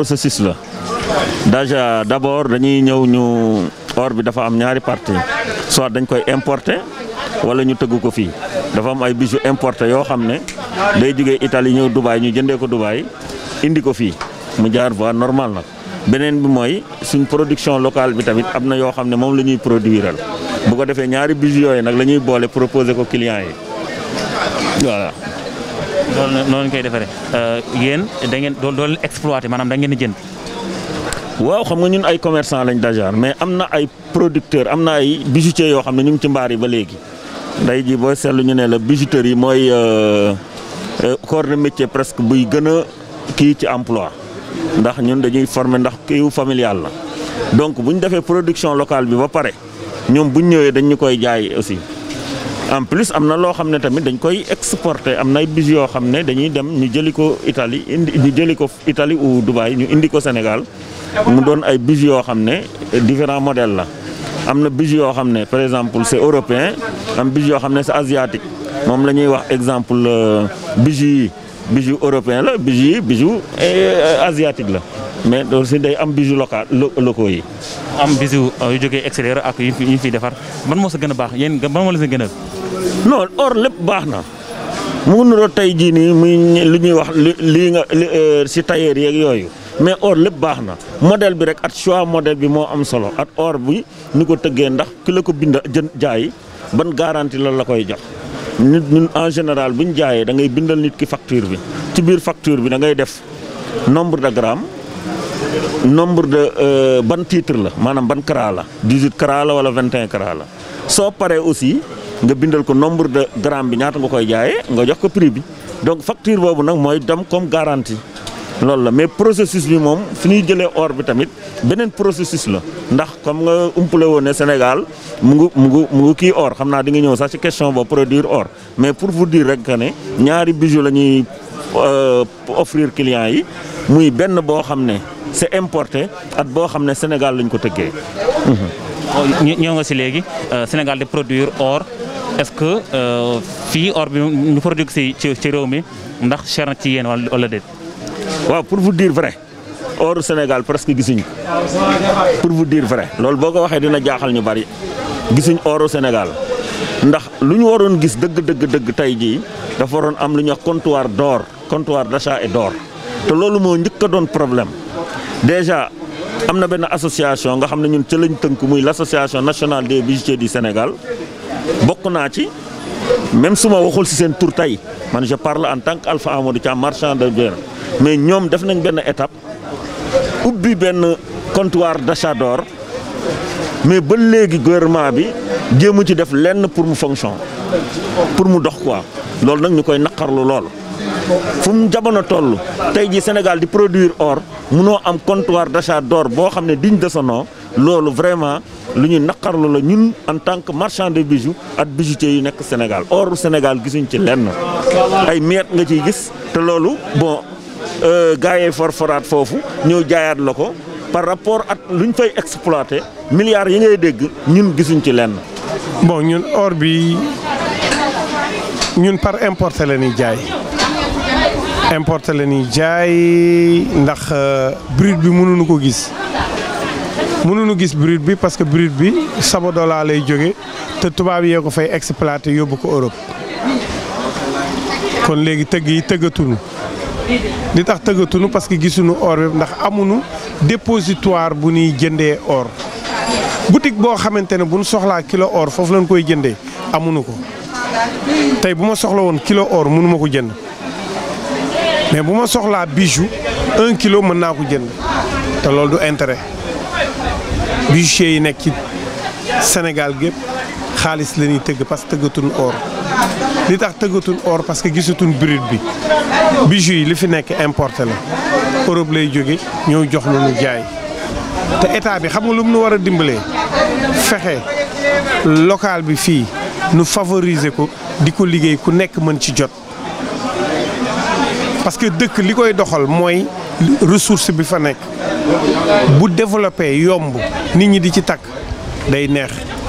processus la déjà d'abord dañuy ñëw ñu or bi dafa am ñaari parti soit dañ koy importer wala ñu tëgg ko fii dafa am ay bijoux importés yoo xam ne day jógee Italie ñëw Dubaï ñu jëndee ko dubaay indi ko fii mu jaar voie normale nag beneen bi mooy suñ production locale bi tamit am na yoo xam ne moom la ñuy produiral bu ko defee ñaari bijoux yooyu nag la ñuy boole proposer ko clients yi loolu la noonu koy defaree euh, yéen da ngeen doon exploité maanaam da ngeen di jënd. waaw xam nga ñun ay commercant lañ dajaar mais am na ay producteur am na ay bijoutiers yoo xam ne ñu ngi ci mbaar yi ba léegi. nday ji boo seetlu ñu ne la bijouterie yi mooy euh, euh, corps de métier presque buy gën a kii ci emploi ndax ñun dañuy former ndax kiiwu familial la. donc bu ñu defee production locale bi ba pare ñoom bu ñu ñëwee dañu ñu koy jaay aussi. en plus am na loo xam ne tamit dañ koy exporter am nay bus yoo xam ne dañuy dem ñu jëli ko itali indi ñu jëli ko Italie ou Dubaï ñu indi ko Sénégal mu doon ay bus yoo xam ne différents modèles la am na bus yoo xam ne par exemple c'est européen am bus yoo xam ne c'est asiatique moom la ñuy wax exemple euh, bus yi bus européen la bus yi bus euh, asiatique la mais aussi day am bisu local locaux yi. am bisu yu jógee extérieur ak yu ñu fiy defar ban moo sa gën a baax yéen ban moo la sa gën non or lépp baax na mu nuroo tey jii nii muy li ñuy wax lii nga euh, si tailleur yeeg yooyu mais or lépp baax na modèle bi rek at choix modèle bi moo am solo at or bi ni ko tëggee ndax ki la ko bind jën jaay ban garantie la la koy jox nit ñun en général bu ñu jaayee da ngay bindal nit ki facture bi ci biir facture bi da ngay def nombre de gramme nombre de euh, ban titre la maanaam ban carat la 18 carat la wala 21 carat la soo paree aussi. nga bindal ko nombre de gramme bi ñaata nga koy jaayee nga jox ko prix bi donc facture boobu nag mooy dem comme garantie loolu la mais processus bi moom fu ñuy jëlee or bi tamit beneen processus la ndax comme nga umpale woon ne Sénégal mu ngi mu ngi mu kii or xam naa di nga ñëw sax ci question boobu produire or mais pour vous dire rek que ne ñaari bijoux la ñuy euh, offrir clients yi muy benn boo xam ne c'est importé at boo xam ne Sénégal lañ ko tëggee. Mmh. Oh, ñoo nga si léegi euh, Sénégal de produire or. est-ce que euh, fii or bi ñu produit si ci ci réew mi ndax cher na ci yéen wala déet. waaw pour vous dire vrai or Sénégal presque gisuñu pour vous dire vrai loolu boo ko waxee dina jaaxal ñu bari gisuñ or Sénégal ndax lu ñu waroon gis dëgg dëgg dëgg tey jii dafa waroon am lu ñuy wax comptoir d'or comptoir d'achat et d'or te loolu moo njëkk a doon problème déjà am na benn association nga xam ne ñun ca tënk muy l'association nationale des bijoutiers du Sénégal bokk naa ci même suma ma waxul si seen tur tey man je parle en tant que Alpha du Thiam marchand de biens mais ñoom def nañ benn étape ubbi benn comptoir d'achat d'or mais ba léegi gouvernement bi jéemu ci def lenn pour mu fonction pour mu dox quoi loolu nag ñu koy naqarlu lool. fu jamono toll tey ji Sénégal di produire or munoo am comptoir d'achat d'or boo xam ne digne de son loolu vraiment lu ñu naqarlu la ñun en tant que marchand de bijoux ak bijoutier yu nekk Sénégal oru Sénégal gisuñ ci lenn ay miet nga ciy gis te loolu bon euh, gaayee forforaat foofu ñëw jaayaat la ko par rapport ak lu ñu fay exploité milliards yi ngay dégg ñun gisuñ ci lenn. bon ñun or bi ñun par importe leen ñuy jaay. importé la ñuy jaay ndax euh, brut bi mënuñu ko gis mënuñu gis brut bi parce que brut bi Sabodala lay jóge te tubaab yee ko fay exploité yóbbu ko Europe kon léegi tëgg yi tëggatuñu li tax tëggatuñu parce que gisuñu or bi ndax amuñu dépositoire bu ñuy jëndee or boutique boo xamante ne bu ñu soxlaa kilo or foofu lañ koy jëndee amuñu ko tey bu ma soxla woon kilo or munuma ko jënd. mais bu ma soxlaa bijou un kilo mën naa ko jënd te loolu du intérêt bijoutier yi nekk ci Sénégal gépp xaalis la ñuy tëgg parce que tëggatun or li tax tëggatun or parce que gisatun brut bi bijoux yi li fi nekk importé la Europe lay jóge ñëw jox lu ñu jaay te état bi xam nga lu mu nu war a dimbalee fexe local bi fii nu favoriser ko di ko liggéey ku nekk mën ci jot parce que dëkk li koy doxal mooy ressource bi fa nekk bu développé yomb nit ñi di ci takk day neex